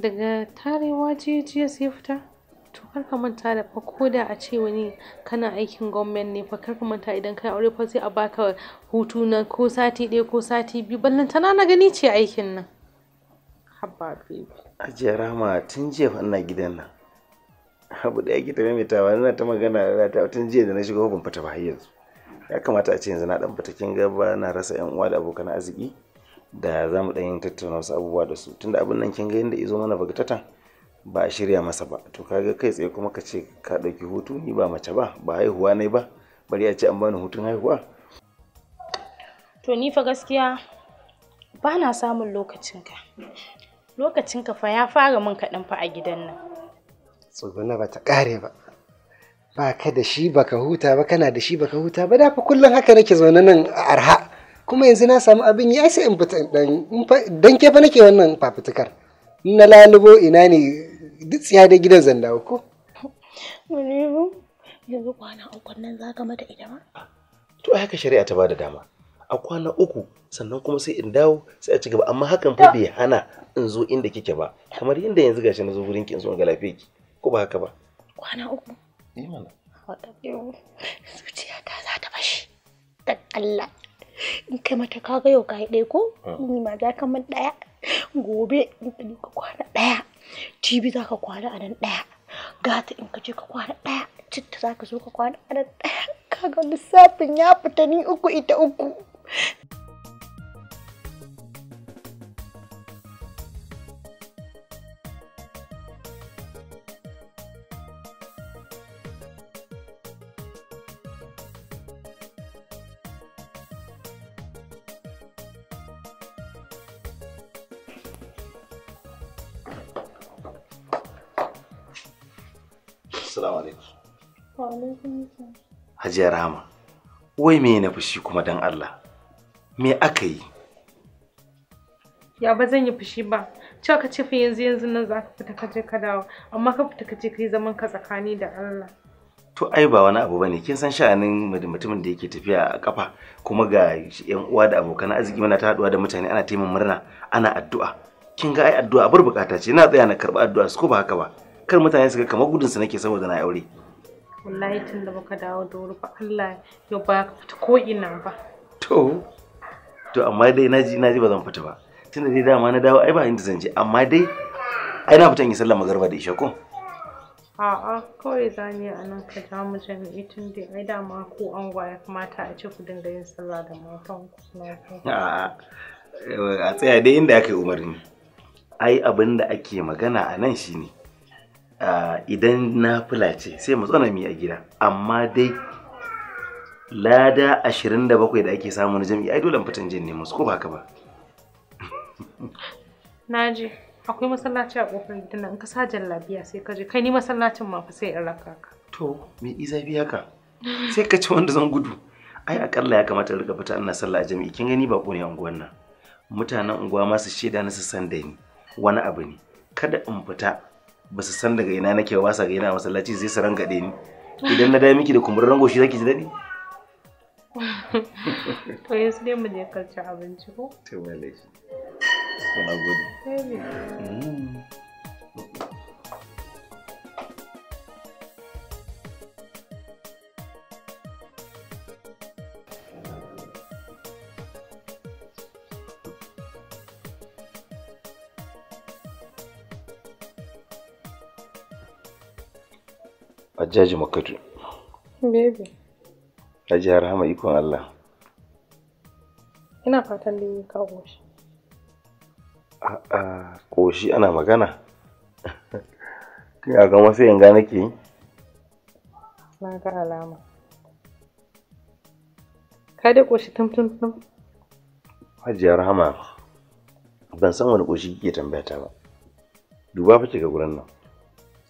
daga tarewa jiya sai fita to kar ka manta da fa ko da a ce wani kana aikin gwamnati ne fa kar ka manta idan kai aure fa sai a baka hutu na ko sati ɗaya ko sati biyu ballantana na gani ce aikin nan habba baby ajiya rama tun jiya fa ina gidan nan abu ɗaya ki ta maimaitawa ina ta magana da ta tun jiya da na shiga ban fita ba yanzu ya kamata a ce yanzu na dan fita kin ga ba na rasa yan uwa da abokan arziki da za mu ɗanyen tattauna wasu abubuwa da su tunda abin nan kin ga yadda izo mana bagatata ba a shirya masa ba to ka ga kai tsaye kuma ka ce ka ɗauki hutu ni ba mace ba ba haihuwa ne ba bari a ce an bani hutun haihuwa to ni fa gaskiya ba na samun lokacinka lokacinka fa ya fara min kaɗan fa a gidan nan tsuguna ba ta ƙare ba ba ka da shi ba ka huta ba kana da shi ba ka huta ba da fa kullum haka nake zaune nan a arha kuma yanzu na samu abin ya sai in fita dan ke fa nake wannan fafutukar na lalubo ina ne duk tsiya da gidan zanda ko yanzu kwana uku nan za ka mata ita ma to haka shari'a ta bada dama a kwana uku sannan kuma sai in dawo sai a ci gaba amma hakan fa bai hana in zo inda kike ba kamar yanda yanzu gashi na zo gurin ki in zo ga lafiya ki ko ba haka ba kwana uku eh mana zuciya ta za ta bashi dan Allah in kai mata kaga yau kayi ɗaya ko ah. ni ma za ka min ɗaya gobe in ka ka kwana ɗaya jibi za ka kwana a nan ɗaya gata in ka je ka kwana ɗaya citta za ka zo ka kwana a nan ɗaya kaga lissafin ya fita ni uku ita uku hajiya rama wai me na fushi kuma dan Allah me aka yi ya ba zan yi fushi ba cewa ka ce yanzu yanzu nan za ka fita ka je ka dawo amma ka fita ka je ka yi zaman ka tsakani da Allah to ai ba wani abu bane kin san sha'anin mutumin da yake tafiya a kafa kuma ga yan uwa da abokan arziki mana ta haduwa da mutane ana taimin murna ana addu'a kin ga ai addu'a bar bukata ce ina tsaya na karba addu'a su ko ba haka ba kar mutane su ga kamar gudun su nake saboda na aure wallahi tun da baka dawo da wuri ba Allah ya baka fita ko ina ba to to amma dai naji naji ba zan fita ba tun da dai dama na dawo ai ba inda zan je amma dai ai na fita in yi sallar magarba da isha ko a'a kawai za mu yi a nan ka ja mu jami'i tun da ai dama ko an ya kamata a ce ku dinga yin sallah da matan ku a'a a tsaya dai inda aka yi umarni ai abin da ake magana a nan shine Ah, idan na ce sai mu tsana mi a gida amma dai lada 27 da ake samu na jami'i ai dole fitan jin ne musu ko ba haka ba naji akwai masallaci a kofar gidan in ka sa jallabiya sai ka je kai ni masallacin ma fa sai in raka ka to me iza biya ka sai ka ci wanda zan gudu ai akalla ya kamata in rika fita ina sallah a jami'i kin gani bako ne unguwar nan mutanen unguwa ma su shaida na su san da ni wani abu ne kada in fita ba su san daga ina nake ba sa ga ina masallaci zai su rangade ni idan na dai miki da kumburin rango shi zaki ji dadi to yanzu dai mu je kalci abinci ko to wallahi na gode Hajjaji Makatu. Baby. Hajiya Rahama ikon Allah. Ina fatan da ka koshi. A'a, koshi ana magana. Ya ga masu yanga nake yi? Na ga alama. Ka dai koshi tum tum tum. Hajiya Rahama, ban san wani koshi kike tambaya ta ba. Duba fice ga gurin nan.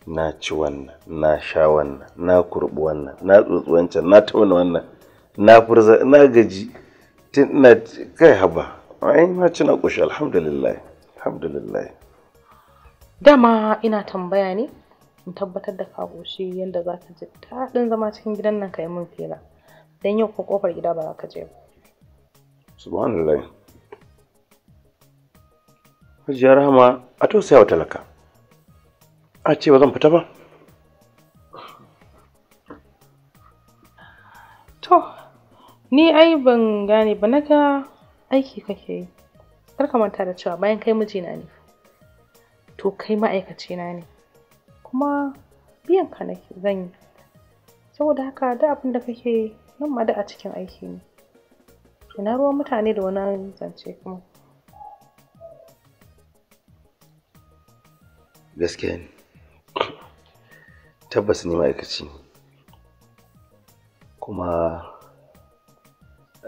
na ci wannan na sha wannan na kurbi wannan na tsotsi wancan na tauna wannan na furza na gaji tun ina kai haba ayin ma ci na ƙoshi alhamdulillah alhamdulillah dama ina tambaya ne in tabbatar da ka ƙoshi yadda za ka ji daɗin zama cikin gidan nan ka yi min fela don yau ko ƙofar gida ba za ka je ba subhanallah hajiya rahama a tausaya wa talaka a ce ba zan fita ba to ni ai ban gane ba na ga aiki kake yi kar ka manta da cewa bayan kai mijina ne to kai ma'aikaci na ne kuma biyan ka nake zan yi saboda haka da abin da kake nan ma da a cikin aiki ne ina ruwan mutane da wani zance kuma gaskiya ne tabbas ni ma'aikaci ne kuma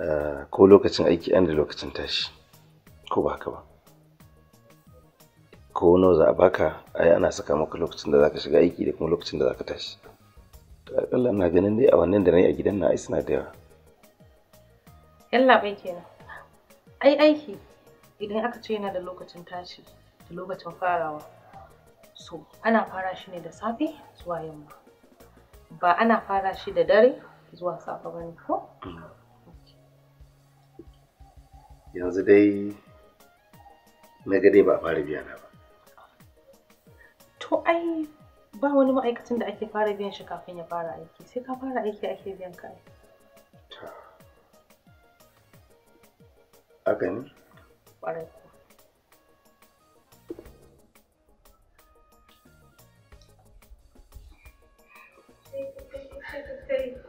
eh, ko lokacin aiki an da lokacin tashi ko ba haka ba ko nawa za a baka ai ana saka maka lokacin da zaka shiga aiki da kuma lokacin da zaka tashi to akalla na ganin dai a wannan da nayi a gidan na ai suna da yawa yalla bai kenan ai aiki idan aka ce yana da lokacin tashi da lokacin farawa so ana fara shi ne da safe zuwa yamma ba ana fara shi da dare zuwa safe ba ne ko mm. yanzu dai na ga dai ba fara biya na ba to ai ba wani ma'aikacin da ake fara biyan shi kafin ya fara aiki sai ka fara aiki ake biyan ka haka ne ƙwarai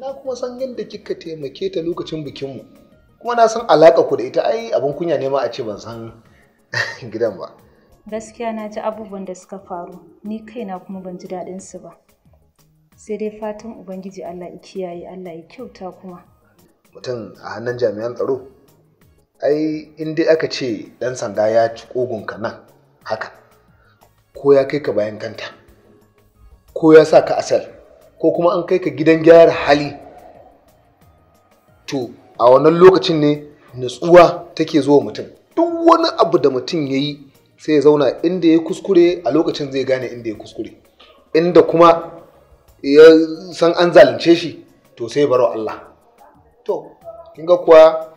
na kuma san yadda kika taimake ta lokacin bikinmu kuma na san alaƙa ku da ita ai abin kunya ne ma a ce ban san gidan ba gaskiya na ji abubuwan da suka faru ni kaina kuma ban ji daɗin su ba sai dai fatan ubangiji Allah ya kiyaye Allah ya kyauta kuma mutum a hannun jami'an tsaro ai in dai aka ce ɗan sanda ya ci ka nan haka ko ya kai ka bayan kanta ko ya sa ka asal ko kuma an kai ka gidan gyara hali to a wannan lokacin ne natsuwa take zuwa mutum duk wani abu da mutum ya yi sai ya zauna inda ya kuskure a lokacin zai gane inda ya kuskure inda kuma ya san an zalunce shi to sai baro Allah to kin ga kuwa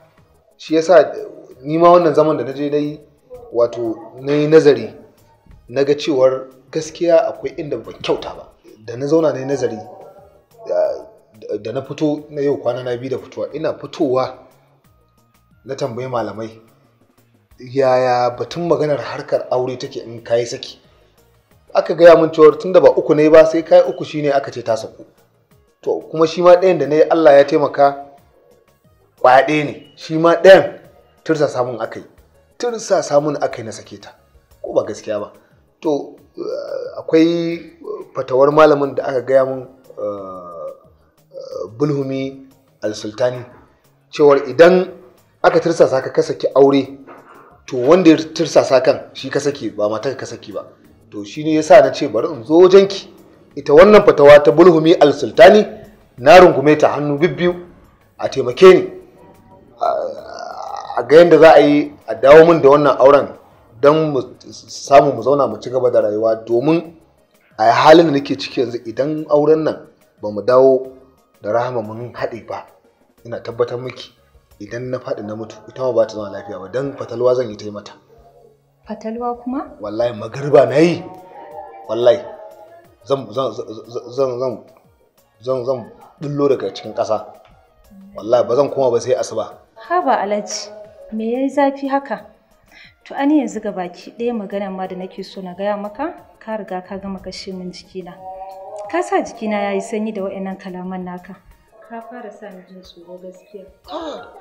shi yasa ni ma wannan zaman da na naje nayi wato na yi nazari na ga cewar gaskiya akwai inda ban kyauta ba da na zauna ne nazari da na fito na yau kwana na biyu da fitowa ina fitowa na tambayi malamai yaya batun maganar harkar aure take in kayi saki aka gaya min tun da ba uku ne ba sai kai uku shine aka ce ta saku to kuma shi ma ɗayan da na yi Allah ya taimaka kwaɗe ne shi ma ɗayan tursa samun aka yi tursa samun aka yi na sake ta ko ba gaskiya ba to eh, akwai fatawar malamin da aka gaya mun eh, eh, bulhumi al-sultani cewar idan aka tirsasa ka kasaki aure to wanda ya tirsasa kan shi ka ba matar ka saki ba to shi ne yasa na ce bari in zo wajenki ita wannan fatawa ta bulhumi al-sultani na rungume ta hannu bibbiyu a taimake ni a ga yadda za a yi a dawo min da wannan auren don mu samu mu zauna mu ci gaba da rayuwa domin a halin da nake ciki yanzu idan auren nan ba mu dawo da rahama mun haɗe ba ina tabbatar miki idan na faɗi na mutu ita ba ta zama lafiya ba don fatalwa zan yi ta mata fatalwa kuma wallahi magarba na yi wallahi zan zan zan zan dullo daga cikin ƙasa wallahi ba zan koma ba sai asuba ha ba alaji me yayi zafi haka to ani yanzu ga baki ɗaya magana ma da nake so na gaya maka ka riga ka gama kashe min jikina ka sa jikina ya yi sanyi da wa'annan kalaman naka ka fara sa ni jin tsoro gaskiya ah,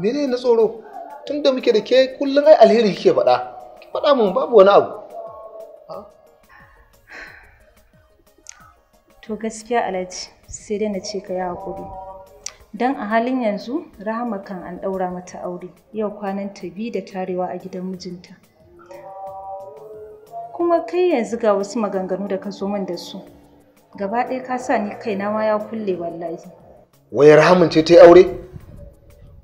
Mene na tsoro tun da muke da ke kullum ai alheri kike faɗa ki faɗa mun babu wani abu ah. to gaskiya alhaji sai dai na ce ka yi haƙuri don a halin yanzu rahama kan an ɗaura mata aure yau kwanan ta biyu da tarewa a gidan mijinta kuma kai yanzu ga wasu maganganu da ka zo min da su gaba ɗaya ka sa ni kaina ma ya kulle wallahi wayar Rahaman ce ta yi aure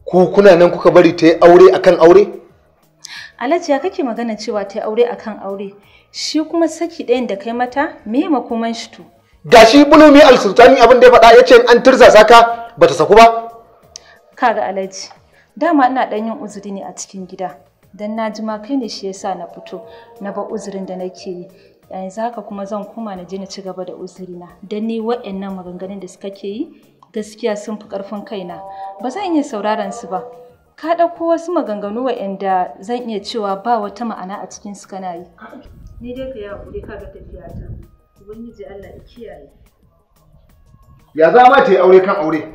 ku kuna nan kuka bari ta yi aure akan aure alhaji ya kake magana cewa ta yi aure akan aure shi kuma saki ɗayan da kai mata me makoman shi to gashi bulumi al-sultani abin da ya faɗa ya ce an tirza saka. bata saku ba kaga alhaji dama ina dan yin uzuri ne a cikin gida dan na ji ma kai ne shi yasa na fito na ba uzurin da nake yi yanzu haka kuma zan koma na je na ci gaba da uzurina dan ni wa'annan maganganun da suka ke yi gaskiya sun fi ƙarfin kaina ba zan iya sauraron su ba ka ɗauko wasu maganganu waɗanda zan iya cewa ba wata ma'ana a cikin su kana yi ni dai ka yaƙuri ka ga tafiya ta ubangiji Allah ya kiyaye ya za ma ta yi aure kan aure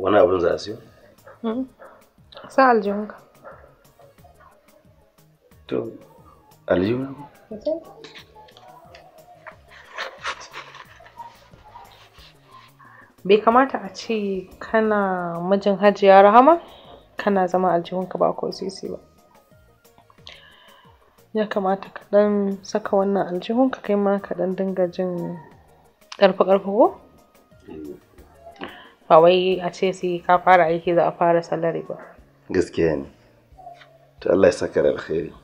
wani abin za su yi? Hmm. sa aljihunka to aljihunka? bai kamata a ce kana mijin hajiya rahama kana zama aljihunka ba ko sisi ba ya kamata ka dan saka wannan aljihunka kai ma ka dan dinga jin ƙarfi-ƙarfi ko? ba wai a ce sai ka fara aiki za a fara salari ba gaskiya ne to Allah ya saka da alkhairi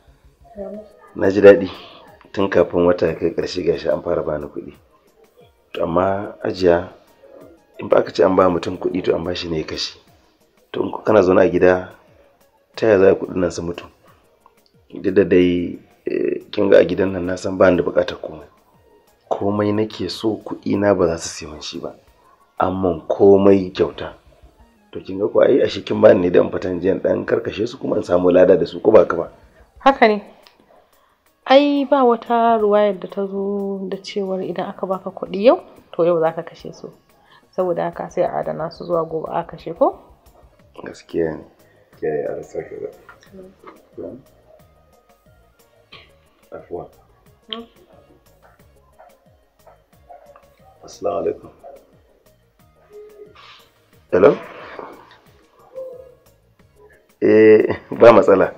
na ji daɗi tun kafin wata kai ƙarshe gashi an fara bani kuɗi to amma ajiya in ba ka ce an ba mutum kuɗi to an ba shi ne kashi to in kana zaune a gida ta yaya za kuɗin nan su mutu duk da dai eh, kin ga a gidan nan na san ba ni da bukatar komai komai nake so kuɗi na ba za su siyan shi ba amma komai kyauta to kin ga ko ai a shikin ba ne dan fatan jiyan dan karkashe su kuma in samu lada da su ko ba ka ba haka ne ai ba wata ruwayar da ta zo da cewar idan aka baka kuɗi yau to yau zaka kashe su saboda haka sai a adana su zuwa gobe a kashe ko gaskiya ne ke a ka ba afwa hmm? assalamu alaikum hello eh ba matsala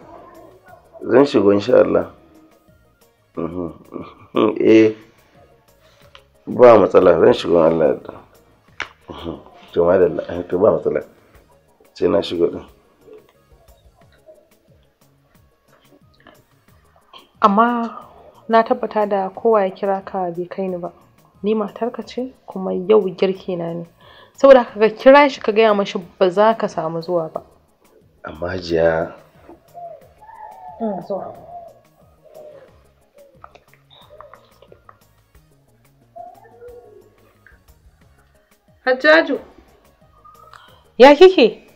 zan shigo insha Allah mhm. eh ba matsala zan shigo Allah da mhm. to madalla eh, to ba matsala sai na shigo din amma na tabbata da kowa ya kira ka bai kai ni ba ni matarka ce kuma yau girki na ne saboda ka kira shi ka gaya mashi ba za ka samu zuwa ba amma jiya ina zuwa Hajjaju ya kike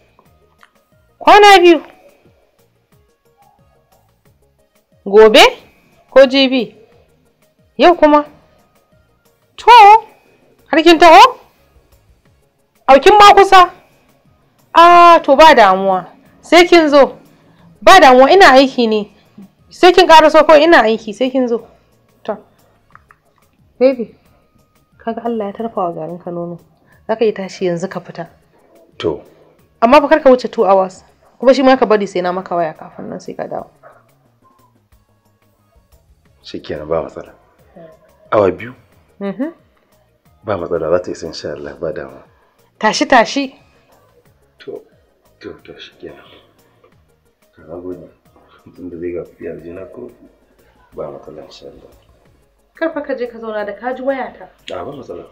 kwana biyu gobe ko jibi yau kuma to har kin taho aukin ma kusa ah to ba damuwa sai kin zo ba damuwa ina aiki ne sai kin karaso ko ina aiki sai kin zo to baby kaga Allah ya tarfa wa garin ka nono zaka yi tashi yanzu ka fita to amma fa karka wuce 2 hours kuma shi ma ka bari sai na maka waya kafin nan sai ka dawo shikenan ba matsala awa biyu mm-hmm. ba matsala za ta isa insha Allah ba damuwa tashi tashi to to to shi kenan ka ga gobe tun da zai ga kuɗi na ko ba matsala insha Allah kar fa ka je ka zauna da ka ji ta a ba matsala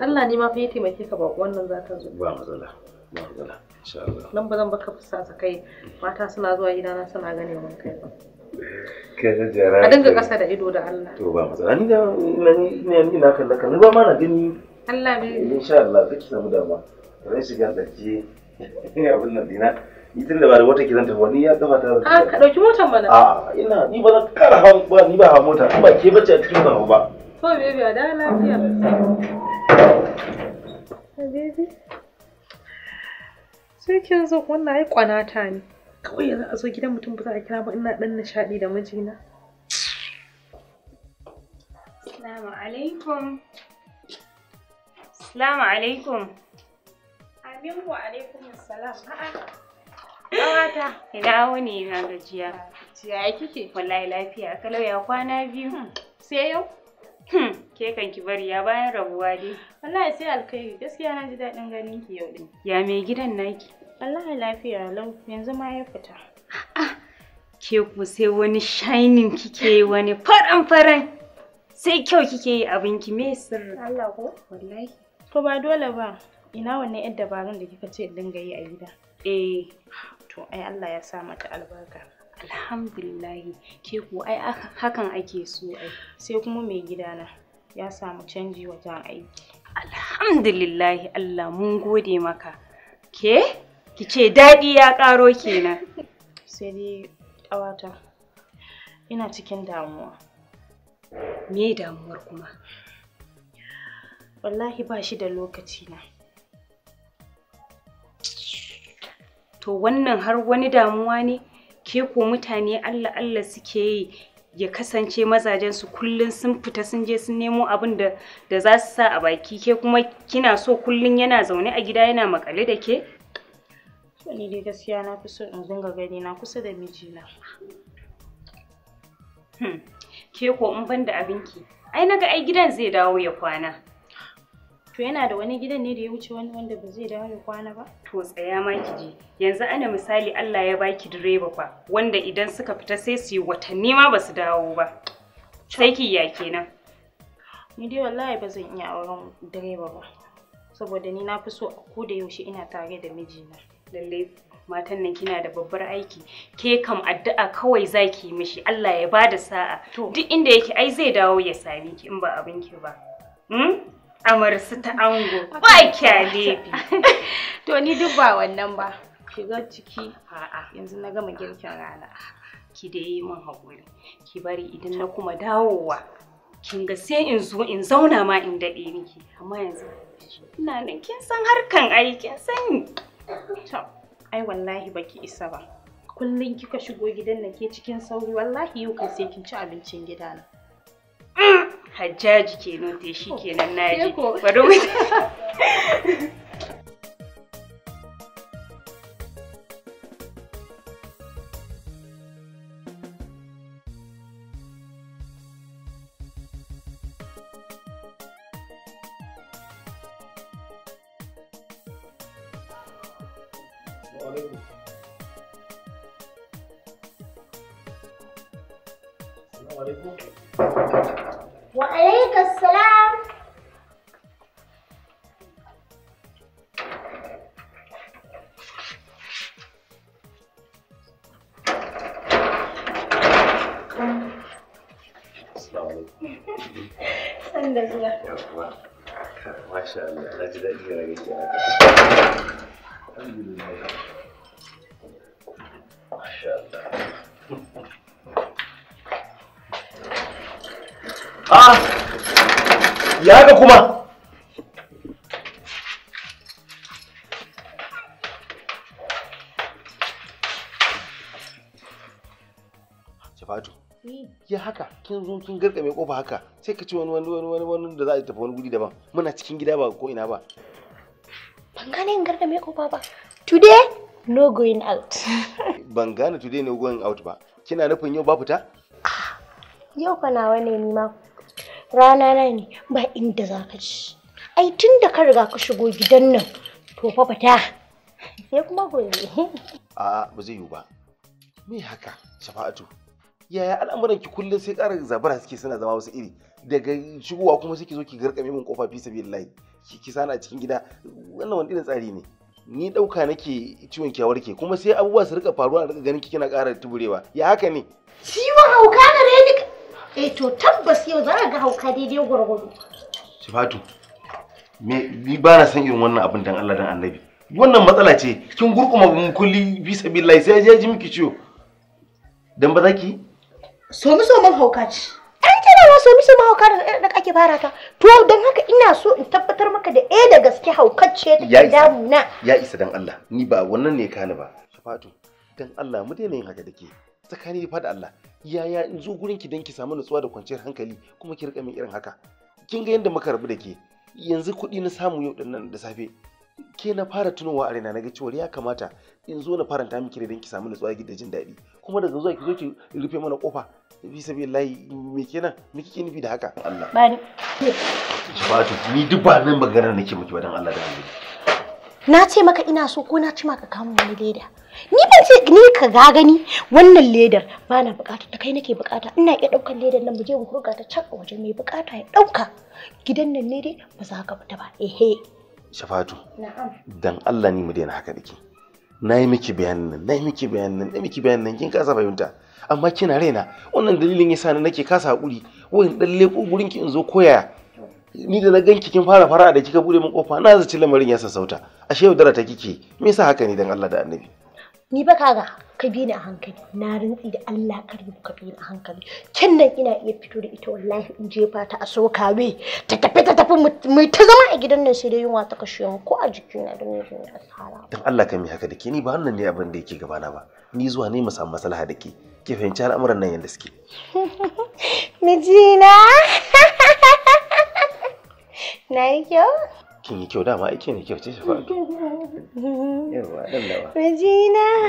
Allah ne ma fa ya taimake ka ba wannan za ta zo ba matsala ba matsala insha Allah nan ba zan baka ta kai mata suna zuwa na suna ganin mun kai ba a dinga kasa da ido da Allah to ba matsala ni da ni ina kallaka ni ba ma na gani Allah bai eh, insha Allah kake samu dama ran shiga dake abin nan dina ni tun da ba da wata kiran ta wani ya kafa ta a ah, ka ɗauki motar mana a ina ni ba zan kara hawa ba ni ba hawa mota ba ke bace a cikin ba ba to baby a da lafiya baby sai kin zo wannan ai kwanata ne kawai yanzu a zo gidan mutum ba za a kira ba ina dan nishaɗi da mijina Assalamu alaikum. Assalamu alaikum. Amin wa alaikum salam. Ƙawata, ina wani na gajiya. Ya kike? Wallahi lafiya, kalau ya kwana biyu. Hmm, sai yau? Hmm, ke kan ki bari ya bayan rabuwa dai. Wallahi sai alkai. gaskiya na ji daɗin ganin ki yau din. Ya mai gidan naki? Wallahi lafiya lau, yanzu ma ya fita. Ke ku sai wani shining kike yi wani faran faran. Sai kyau kike yi abinki me sirri. Allah ko? Wallahi. To ba dole ba, ina wanne yar dabarun da kika ce dinga yi a gida? Eh, to ai Allah ya sa mata albarka. Alhamdulillahi, ke ko ai hakan ake so ai. Sai kuma mai gida na ya samu canji wajen aiki. Alhamdulillahi Allah mun gode maka. Ke? Ki ce daɗi ya ƙaro kenan. Sai dai ƙawata, ina cikin damuwa. Me damuwar kuma? wallahi ba shi da lokaci na to wannan har wani damuwa ne ke ko mutane allah allah suke yi ya kasance mazajen su kullun sun fita sun je sun nemo abin da da za su sa a baki ke kuma kina so kullun yana zaune a gida yana makale da ke ni dai gaskiya na fi so in zunga gani na kusa da mijina hmm. ke ko in ban da abinki ai naga ai gidan zai dawo ya kwana To yana da wani gidan ne da ya wuce wani wanda ba zai dawo ya kwana ba? To tsaya ma ki ji. Yanzu ana misali Allah ya baki direba fa wanda idan suka fita sai su yi watanni ma ba su dawo ba. Sai ki ya kenan. Ni dai wallahi ba zan iya auren direba ba. Saboda ni na fi so a da yaushe ina tare da mijina. Lalle matan nan kina da babbar aiki ke kam addu'a kawai zaki mishi Allah ya bada sa'a duk inda yake ai zai dawo ya sami ki in ba abin ba. Hmm? amarsu ta ango ba kyalebi to ni duk ba wannan ba ga ciki a'a yanzu na gama girkin rana ki da yi min haƙuri ki bari idan na kuma dawowa kin ga sai in zo zauna ma in daɗe miki amma yanzu ina nan kin san harkan ai sani to ai wallahi baki isa ba kullum kika shigo gidan nan ke cikin sauri wallahi yau kai sai kin ci abincin na. Hajjaji ke te shi kenan naji. Bari mu عليكم وعليك السلام ya haka kuma eh. ya haka kin zo kin garka mai kofa haka sai ka ci wani wani wani wani wani da za a tafi wani guri daban muna cikin gida ba ko ina ba ban gane in garka mai kofa ba today no going out ban gane today no going out ba kina nufin yau ba fita ah, yau fa nawa ne ni ma rana na ne ba inda za ka ci ai tun da ka riga ka shigo gidan nan to fa fata sai kuma gobe a ba zai yi ba me haka shafa'atu yaya al'amuran ki kullum sai ƙara zabara suke suna zama wasu iri daga shigowa kuma suke zo ki garkame min kofa fi sabilillahi ki ki sana a cikin gida wannan wani irin tsari ne ni ɗauka nake ciwon kyawar ke kuma sai abubuwa su rika faruwa a rika ganin kina ƙara tuburewa ya haka ne ciwon hauka da rediyo eh to tabbas yau za a ga hauka daidai gwargwado sifatu me ni ba na san irin wannan abin dan Allah dan annabi wannan matsala ce kin gurkuma mun kulli bi sabilillahi sai ya ji miki ciwo dan ba zaki so mu so mun hauka ci an tana ma so mu so hauka da kake fara ta to dan haka ina so in tabbatar maka da eh da gaske haukacce damu na. ya isa dan Allah ni ba wannan ne kani ba sifatu dan Allah mu daina yin haka dake tsakani fa da Allah yaya in zo gurin ki dan ki samu nutsuwa da kwanciyar hankali kuma ki rika min irin haka kin ga yadda muka rabu da ke yanzu kuɗi na samu yau nan da safe ke na fara tunowa a raina ga cewa ya kamata in zo na faranta miki da dan ki samu nutsuwa da jin daɗi kuma daga zuwa ki zo ki rufe mana kofa bi sabi layi me kenan me kike nufi da haka Allah ba ni ni duk ba nan maganar nake miki ba dan Allah da Allah na ce maka ina so ko na ci maka kamun wani leda Ni ban ce ni ka ga gani wannan ledar ba na bukata ta kai nake bukata ina iya daukar ledar nan mu je mu hurga ta can a waje mai bukata ya dauka gidan nan ne dai ba za ka fita ba ehe Shafatu na'am dan Allah ni mu daina haka dake na yi miki bayanin nan na yi miki bayanin nan na yi miki bayanin nan kin kasa fahimta amma kina raina wannan dalilin yasa ni nake kasa hakuri wani dan leko gurin ki in zo koya ni da na ganki kin fara fara da kika bude min kofa na zaci lamarin ya sassauta ashe yaudara ta kike me yasa haka ne dan Allah da Annabi ni ba kaga ka bi ni a hankali na rintsi da Allah kar ka bi ni a hankali kin nan ina iya fito da ita wallahi in jefa ta a so ta tafi ta tafi mu ta zama a gidan nan sai dai yunwa ta kashe mu ko a jikin jikina don yin asara dan Allah ka mi haka da ke ni ba wannan ne abin da yake gabana ba ni zuwa ne mu samu maslaha da ke ke fahimci al'amuran nan yanda suke mijina na yi kyau kin yi kyau dama aiki ne kyau ce shi faɗi yawa da ba Regina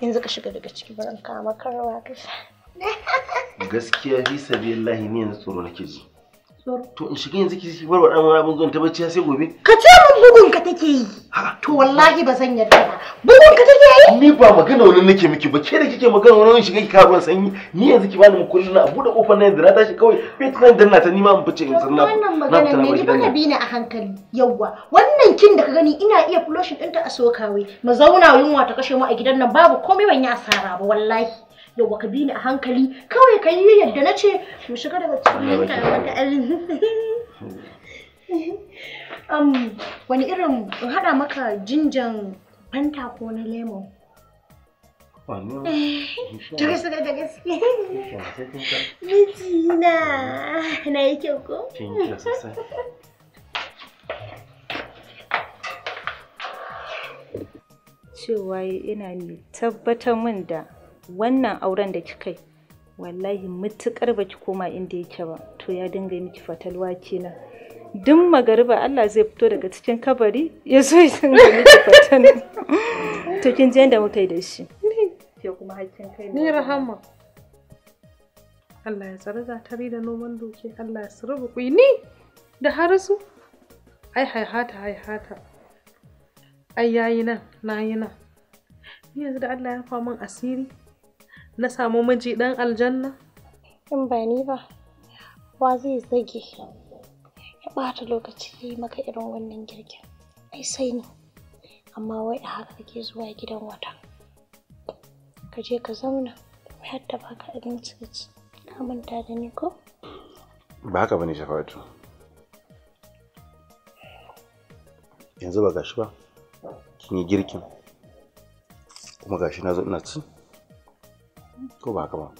yanzu ka shiga daga ciki baran kama karwa ka gaskiya fi sabilillahi ni yanzu tsoro nake ji To in shiga yanzu ki bar wa ɗan abin zuwan ta bacci sai gobe. Ka ce min bugun ka take yi. To wallahi ba zan yarda ba. Bugun ka take yi? Ni ba magana wani nake miki ba ke da kike magana wani shiga ki karuwan sanyi ni yanzu ki bani mukullin na buɗe kofar nan yanzu ta tashi kawai bai tunan danna ta ma mun fice in sanna. Wannan magana ne ni baka bi ni a hankali yawwa wannan kin da ka gani ina iya flushing ɗinta a sokawai mu zauna yunwa ta kashe mu a gidan nan babu komai ban yi asara ba wallahi. yawa ka bi ni a hankali kawai ka yi yadda na ce mu shiga daga cikin mutane um, wani irin in haɗa maka jinjan fanta ko na lemon Ta gaske da gaske. Mijina na yi kyau ko? Cewa yana tabbatar min da wannan auren da kika yi wallahi mutukar ki koma inda yake ba to ya dinga miki fatalwa kenan duk magariba Allah zai fito daga cikin kabari ya zo ya dinga miki fatalwa to kin ji yadda muka yi da shi ke kuma hakkin kai ni rahama Allah ya tsare tare da noman doki Allah ya surba ku ni da harasu ai haihata haihata ai yayi nan na yi nan yanzu da Allah ya rufa min asiri na samu miji ɗan aljanna? In ba ni ba, wa zai zage ya ɓata lokaci ya yi maka irin wannan girkin. Ai sai ni, amma wai a haka kake zuwa gidan wata. Ka je ka zauna, wai har da baka abinci ka ci. Ka manta da ni ko? Ba haka bane Shafatu. Yanzu ba gashi ba, kin yi girkin. Kuma gashi na zo ina ci. 够吧，够吧。